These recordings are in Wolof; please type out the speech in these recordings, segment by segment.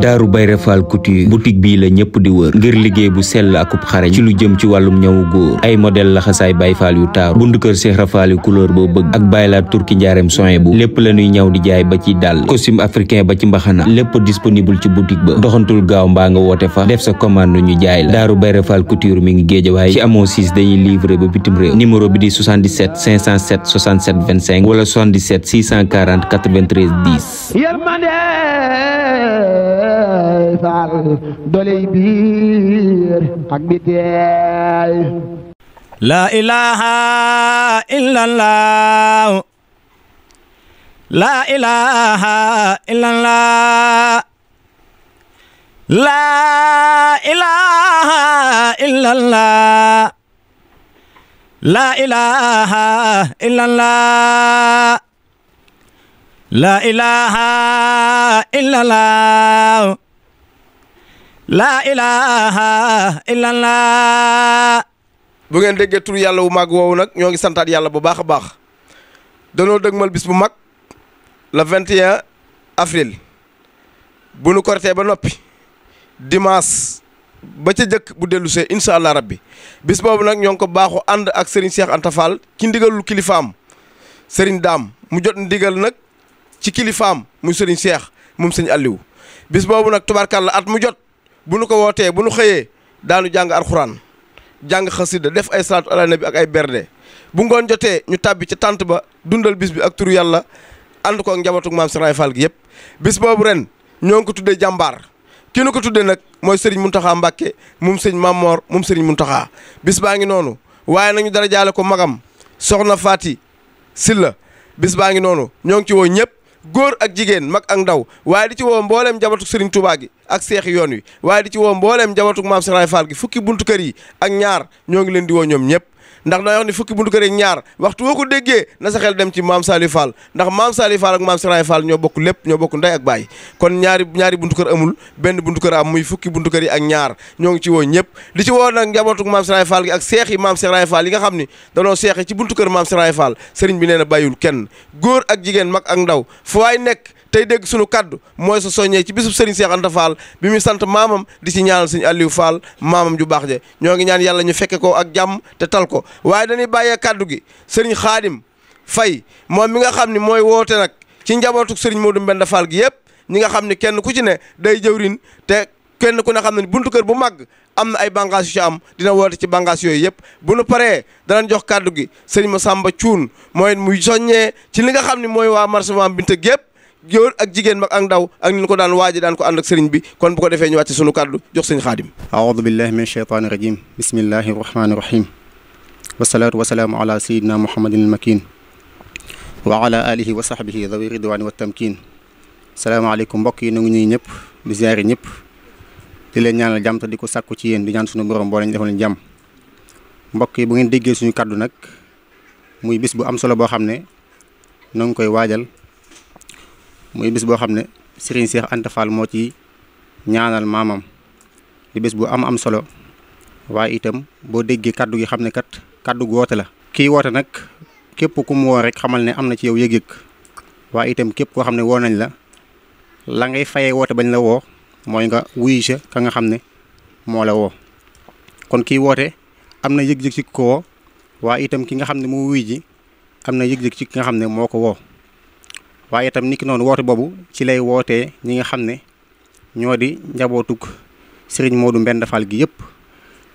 daaru bayre faal couture boutique bii la ñëpp di wër ngir liggéey bu sell akub xarañ ci lu jëm ci wàllum ñawu góor ay modèle laxasaay bay faal yu taaru bundu kër seex rafaal yu couleur boo bëgg ak baylaat turki njaareem soin bu lépp la ñuy ñaw di jaay ba ci dàll costume africain ba ci mbaxana lépp disponible ci boutique ba doxantul gaaw mbaa nga woote fa def sa commande ñu jaay la daaru bayre faal couture mi ngi waaye ci amoo 6 dañuy livrer ba bitim réew numéro bi di 77 507 67 25 wala 77 640 93 10 faal doley biir ak biteey laa ilaaha illallah laa ilaaha illallah laa ilaaha illallah laa ilaaha illallah la ilaha illallah la ilaha ngeen déggee tur yàlla wu mag woowu nag ñoo ngi santaat yàlla bu baax a baax danoo dëgmal bis bu mag la 21 avril bu nu kortee ba noppi dimaas ba ca jëkk bu dellu see incha allah rabbi bis boobu nag ñoo ngi ko baaxu ànd ak Serigne Cheikh Anta Fall ci ndigalul kilifaam Serigne Daam mu jot ndigal nag ci kilifaam muy sëriñ Cheikh moom sëñ Aliou bis boobu nag tubaarkàlla at mu jot bu nu ko wootee bu nu xëyee daanu jàng alxuraan jàng xasida def ay salaatu ala nabi ak ay berde bu ngoon jotee ñu tàbbi ca tànt ba dundal bis bi ak turu yàlla ànd ko ak njabootu maam Serigne yëpp bis boobu ren ñoo ngi ko tuddee jàmbaar ki nu ko tuddee nag mooy Serigne Mountakha Mbacké moom sëñ Mamor moom Serigne Mountakha bis baa ngi noonu waaye nañu dara jaale ko magam soxna Faati Silla bis baa ngi noonu ñoo ngi ci woo ñëpp. góor ak jigéen mag ak ndaw waaye di ci woo mbooleem jabatuk Serigne Touba gi ak seex yoon wi waaye di ci woo mboolem jabatuk maam Serigne Fall gi fukki buntu kër yi ak ñaar ñoo ngi leen di woo ñoom ñëpp ndax da wax ni fukki buntu kër ak ñaar waxtu woo ko déggee na sa xel dem ci maam Saliou Fall ndax maam Saliou Fall ak maam Siraay Fall ñoo bokk lépp ñoo bokk ndey ak baay kon ñaari ñaari buntu kër amul benn buntu kër am muy fukki buntu kër yi ak ñaar ñoo ngi ci woo ñëpp di ci woo nag njabootu maam Siraay Fall gi ak seex yi maam Siraay Fall yi nga xam ni danoo seex ci buntu kër maam Siraay Fall sëriñ bi nee na bàyyul kenn góor ak jigéen mag ak ndaw fu waay nekk tey dégg sunu kàdd mooy sa soññee ci bisub Serigne Cheikh Anta Fall bi mu sant maamam di ci ñaanal Serigne Aliou Fall maamam ju baax je ñoo ngi ñaan yàlla ñu fekke ko ak jàmm te tal ko waaye dañuy bàyyee kàddu gi Serigne Khadim fay moom mi nga xam ni mooy woote nag ci njabootu Serigne Modou Mbenda Fall gi yëpp ñi nga xam ne kenn ku ci ne day jëwrin te kenn ku ne xam ne buntu kër bu màgg am na ay bànqaas yu am dina woote ci bànqaas yooyu yëpp bu nu paree danañ jox kàddu gi sëriñ Masamba Cuun mooy muy soññee ci li nga xam ne mooy waa marché Mame Binta gépp góor ak jigéen mag ak ndaw ak ñu ko daan waaji daan ko ànd ak sëriñ bi kon bu ko defee ñu wàcc sunu kàddu jox sëñ xaadim aoudu billahi min sheytaani rajim bismillahi rahmaani rahim wasalaatu wasalaamu ala sayidina muhammadin al makin wa ala alihi wa sahbihi dawi ridwaani wa tamkin salaamaaleykum mbokk yi nangu ñuy ñëpp di ziyaari ñëpp di leen ñaanal jàmm te di ko sàkku ci yéen di ñaan suñu borom boo leen defal jàmm mbokk yi bu ngeen déggee suñu kàddu nag muy bis bu am solo boo xam ne noo ngi koy waajal muy bis boo xam ne Serigne Cheikh Anta moo ci ñaanal maamam di bis bu am am solo waaye itam boo déggee kaddu gi xam ne kat kaddu gu woote la. kii woote nag képp ku mu woo rek xamal ne am na ci yow yëg-yëg itam képp koo xam ne woo nañ la la ngay fayee woote bañ la woo mooy nga wuyu sa ka nga xam ne moo la woo kon kii woote am na yëg-yëg ci ko woo waaye itam ki nga xam ne moo wuyu ji am na yëg-yëg ci ki nga xam ne moo ko woo. waaye itam niki noonu woote boobu ci lay wootee ñi nga xam ne ñoo di njabootug sëriñ Modou Mbend Fall gi yëpp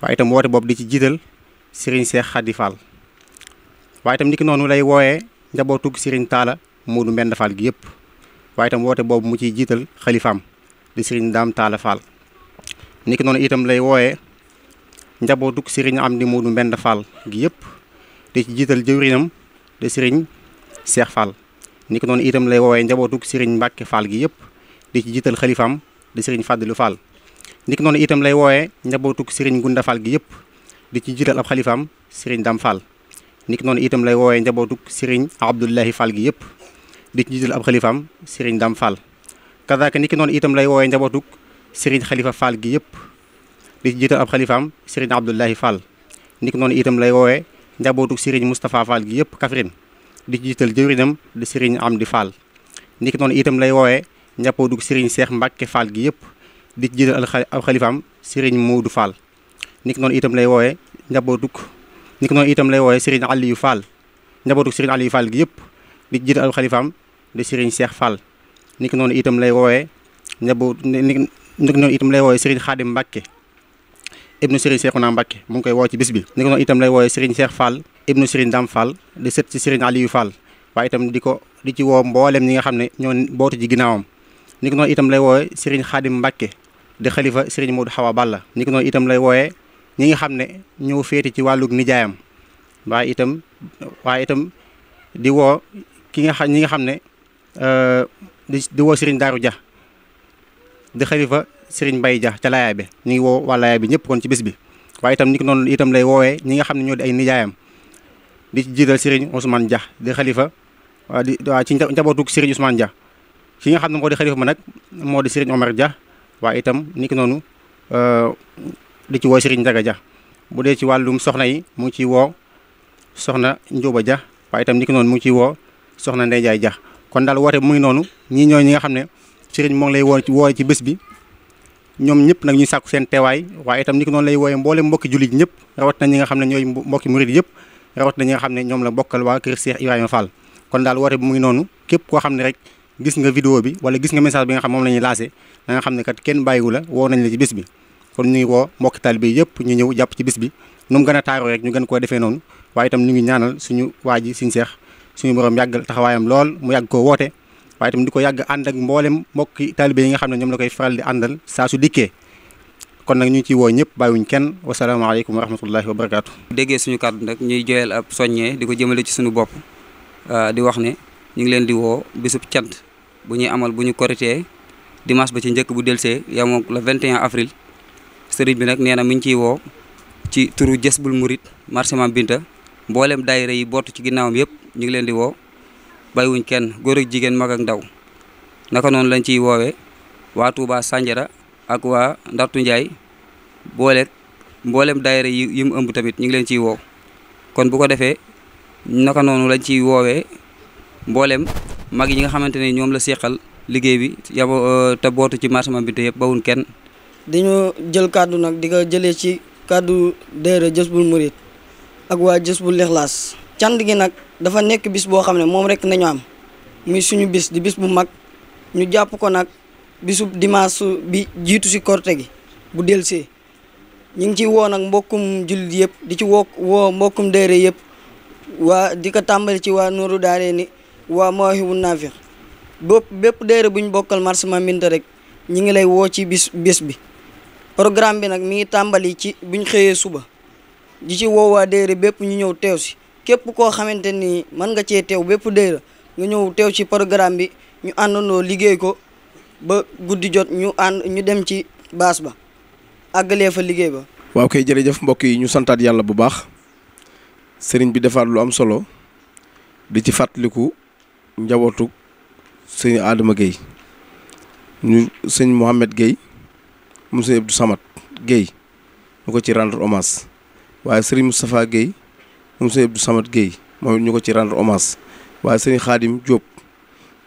waaye itam woote boobu di ci jiital sëriñ Seex Xadi waaye itam niki noonu lay wooyee njabootug sëriñ Taala Modou Mbend gi yëpp waaye itam woote boobu mu ciy jiital xalifaam di sëriñ Daam Taala Fall niki noonu itam lay wooye njabootug sëriñ Amdi Modou Mbend Fall gi yëpp di ci jiital jëwrinam di sëriñ Seex Fall ni ko noonu itam lay woowee njabootuk sëriñ Mbàkke Fall gi yëpp di ci jiital xalifaam di sëriñ Fàddilu Fall ni noonu itam lay wooye njabootuk sëriñ Gunda Fall gi yëpp di ci jiital ab xalifaam sëriñ Dam Fall ni itam lay woowee njabootuk sëriñ gi yëpp di ci jiital ab xalifaam sëriñ Dam itam lay woowee njabootuk sëriñ Xalifa gi yëpp di ci jiital ab xalifaam sëriñ itam lay woowee njabootuk sëriñ Moustapha Fall gi yëpp Kaffrine di jiital jëwriñam di Serigne Amdi Fall niki noonu itam lay woowee njàppoodug Serigne seex Mbacke Fall gi yëpp di ci jiital ab xalifaam Serigne itam lay woowee njàppoodug niki noonu itam lay woowee Serigne Aliou Fall njàppoodug Serigne gi yëpp di ci jiital ab xalifaam di Serigne seex Fall niki noonu itam lay woowee njaboo niki noonu itam lay woowee Serigne Khadim Mbacke. ibnu Serigne Cheikhouna Mbacké mu ngi koy woo ci bis bi ni ko noonu itam lay wooyee Serigne Cheikh Fall ibnu Serigne Dame Fall di sët ci Serigne Aliou waaye itam di ko di ci woo mboolem ñi nga xam ne ñoo bootu ginnaawam ni itam lay wooyee Serigne Khadim Mbacké di xalifa Serigne Modou Hawa Balla ni ko noonu itam lay wooyee ñi nga xam ne ñoo féete ci wàllug nijaayam waaye itam di woo ki nga xam ñi nga xam ne euh, di di woo Serigne Darou Dia di xalifa Serigne mbay Dia ca Laaya bi ñu ngi woo waa Laaya bi ñëpp kon ci bis bi waaye itam ni ki noonu itam lay woowee ñi nga xam ne ñoo ay nijaayam di ci jiital Serigne Ousmane Dia di xalifa di waa ci njabootu Serigne Ousmane Dia ki nga xam ne moo di ma nag moo di Serigne Omar Dia waaye itam ni ki noonu euh, di ci woo Serigne Ndiaga Dia bu dee ci wàllum soxna yi mu ngi ciy woo soxna Ndioba Dia waaye itam ni ki noonu mu ciy woo soxna Ndeye Ndiaye kon daal woote mu noonu ñii ñooñu ñi nga xam ne Serigne moo ngi lay woo ci woo ci bés bi ñoom ñëpp nag ñu sàkku seen teewaay waaye itam ni ko noonu lay wooye mboolem mbokki jullit ñëpp rawat na ñi nga xam ne ñooy ñoom la bokkal waa kër Cheikh Ibrahima Fall kon daal woote bi mu ngi noonu képp koo xam ne rek gis nga vidéo bi wala gis nga message bi nga xam moom la ñuy lancé da ne kat kenn bàyyiwu la woo nañ la ci bis bi kon ñu ngi woo mbokki taalibe yi ñu ñëw jàpp ci bis bi nu mu gën a taaroo rek ñu gën koo defee noonu waaye itam ñu ngi ñaanal suñu waa ji suñu seex suñu borom taxawaayam lool mu yàgg koo woote waaye itam di ko yàgg ànd ak mboolem mbokki taalibe yi nga xam ne ñoom la koy faral di àndal saa su dikkee kon nag ñu ngi ciy woo ñëpp bàyyiwuñ kenn wasalaamaaleykum wa rahmatullahi wa barakaatu. déggee suñu kàddu nag ñuy joyal ab soññee di ko jëmale ci suñu bopp ah, di wax ne ñu ngi leen di woo bisub cant bu ñuy amal bu ñu koritee dimanche ba ci njëkk bu delsee yamoo le 21 avril sëriñ bi nag nee na mi ngi ciy woo ci turu bul Murit marché Mam Binta mboolem daayira yi bootu ci ginnaawam yëpp ñu ngi leen di woo bàyyiwuñ kenn góor ak jigéen mag ak ndaw naka noonu lañ ciy woowee waa tuuba sànjara ak waa Ndartu njaay boole mboolem daayira yi yi mu ëmb tamit ñu ngi leen ciy woow kon bu ko defee naka noonu lañ ci woowee mboolem mag yi nga xamante ne ñoom la seqal liggéey bi yabo euh, te bootu ci marché Mambite yëpp bawuñ kenn. dañoo jël kàddu nag di ko jëlee ci kàddu daayira Jazbul Murid ak waa Jazbul Ixlaas cant gi nag. dafa nekk bis boo xam ne moom rek nañu am muy suñu bis di bis bu mag ñu jàpp ko nag bisu dimanche bi jiitu si korte gi bu delsee ñu ngi ci woo nag mbokkum jullit yëpp di ci woo woo mbokkum daayira yëpp waa di ko tàmbali ci waa Nuuru Daarayni waa Mawaahibu Naafi bopp bépp daayira bu ñu bokkal marché Maminta rek ñi ngi lay woo ci bis bis bi programme bi nag mi ngi tàmbali ci buñ xëyee suba di ci woo waa bépp ñu ñëw teew si képp koo xamante ni mën nga cee teew bépp dayra nga ñëw teew ci programme bi ñu àndandoo liggéey ko ba guddi jot ñu ànd ñu dem ci baas ba àggalee fa liggéey ba. waaw kay jëf mbokk yi ñu santaat yàlla bu baax sëriñ bi defaat lu am solo di ci fàttaliku njabootu sëñ Adama Guèye ñu sëñ Mouhamed Guèye mu sëñ Abdou Samad Guèye ñu ko ci rendre hommage waaye sëriñ Moustapha Guèye moom sëñ Abdou Samad Guèye moom it ñu ko ci rendre hommage waaye sëñ Xaadim Diop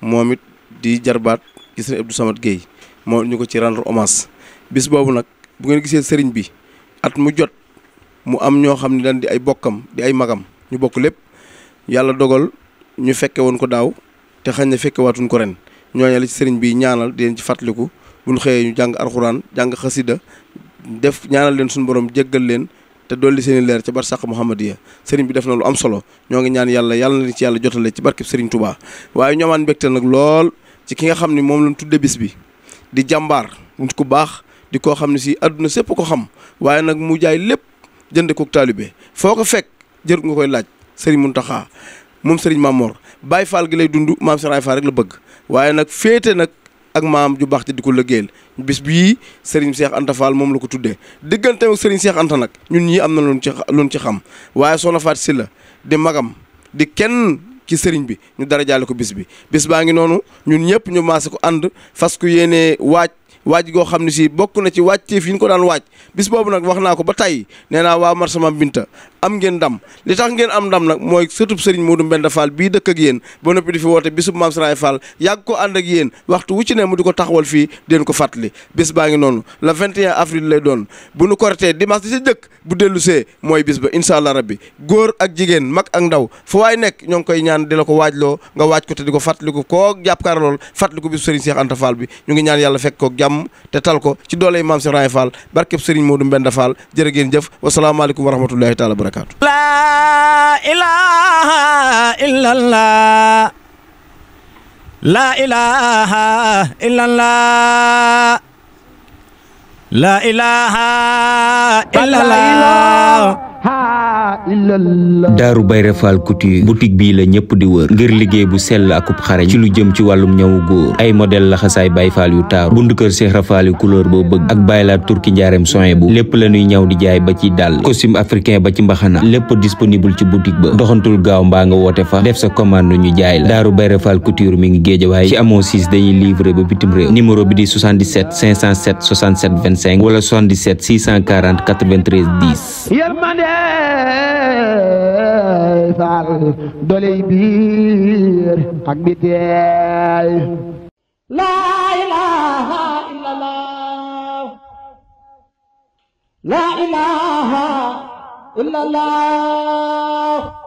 moom it di jarbaat ci sëñ Abdou Samad Guèye moom ñu ko ci rendre hommage bis boobu nag bu ngeen gisee sëriñ bi at mu jot mu am ñoo xam ne daan di ay bokkam di ay magam ñu bokk lépp yàlla dogal ñu fekke woon ko daaw te xañ na fekke waatuñ ko ren ñooñu la ci sëriñ bi ñaanal di leen ci fàttaliku bu xëyee ñu jàng arxuraan jàng xasida def ñaanal leen suñu borom jëggal leen te dolli seen i leer ci barsàq Muhammadiya sëriñ bi def na lu am solo ñoo ngi ñaan yàlla yàlla na ci yàlla jotale ci barkeb sëriñ Touba waaye ñoo amaan mbégte nag lool ci ki nga xam ni moom lañ tudde bis bi di jàmbaar nit ku baax di koo xam ne si àdduna sépp ko xam waaye nag mu jaay lépp jënd ko taalibe foo ko fekk jërut nga koy laaj sëriñ Muntaxa moom sëriñ Mamor Baye Fall gi lay dund maam Sëriñ Fall rek la bëgg waaye nag féete nag ak maam ju baax te di ko lëggéeyal bis bii Serigne Cheikh Anta Fall moom la ko tuddee diggante ak Serigne Cheikh Anta nag ñun ñii am na luñ ci luñ ci xam waaye Soxna Faat Sylla di magam di kenn ci Serigne bi ñu dara jaale ko bis bi bis baa ngi noonu ñun ñëpp ñu maase ko ànd fas ku yéenee waaj. waaj goo xam ne si bokk na ci waajteef yi ñu ko daan waaj bis boobu nag wax naa ko ba tey nee naa waa Marsama Binta am ngeen ndam li tax ngeen am ndam nag mooy sëtub sëriñ Modou Mbenda Fall bii dëkk ak yéen ba noppi di fi woote bisub Maam Saraay Fall yàgg ko ànd ak yéen waxtu wu ci ne mu di ko taxawal fii deen ko fàttali bis baa ngi noonu le 21 avril lay doon bu nu kortee dimanche di si jëkk bu dellu see mooy bis ba incha allah bi góor ak jigéen mag ak ndaw fu waay nekk ñoo ngi koy ñaan di la ko waaj ko te di ko fàttaliku koo jàpkaarlool fàttaliku bisu sëriñ Cheikh Anta Fall bi ñu ngi yàlla fekk jàmm te tal ko ci dooley maam Cheikh Ibra barkeb Serigne Modou Mbenda Fall jërë jëf wasalaamaaleykum wa rahmatullahi taala laa ilaaha illallah daaru bayra faal couture boutique bii la ñëpp di wër ngir liggéey bu sell akub xarañ ci lu jëm ci wàllum ñawu góor ay modèle la xasaay bay faal yu taaru bundu kër seex rafaal yu couleur boo bëgg ak baylaat turki njaareem soin bu lépp la ñuy ñaw di jaay ba ci dàll costume africain ba ci mbaxana lépp disponible ci boutique ba doxantul gaaw mbaa nga woote fa def sa commande ñu jaay la daaru bayra faal couture mi ngi géejawaay ci amoo 6 dañuy livrer ba bitim réew numéro bi di 77 507 67 25 wala 77 640 93 10 faal doley biir ak biteey laa ilaaha illallah laa ilaaha illallah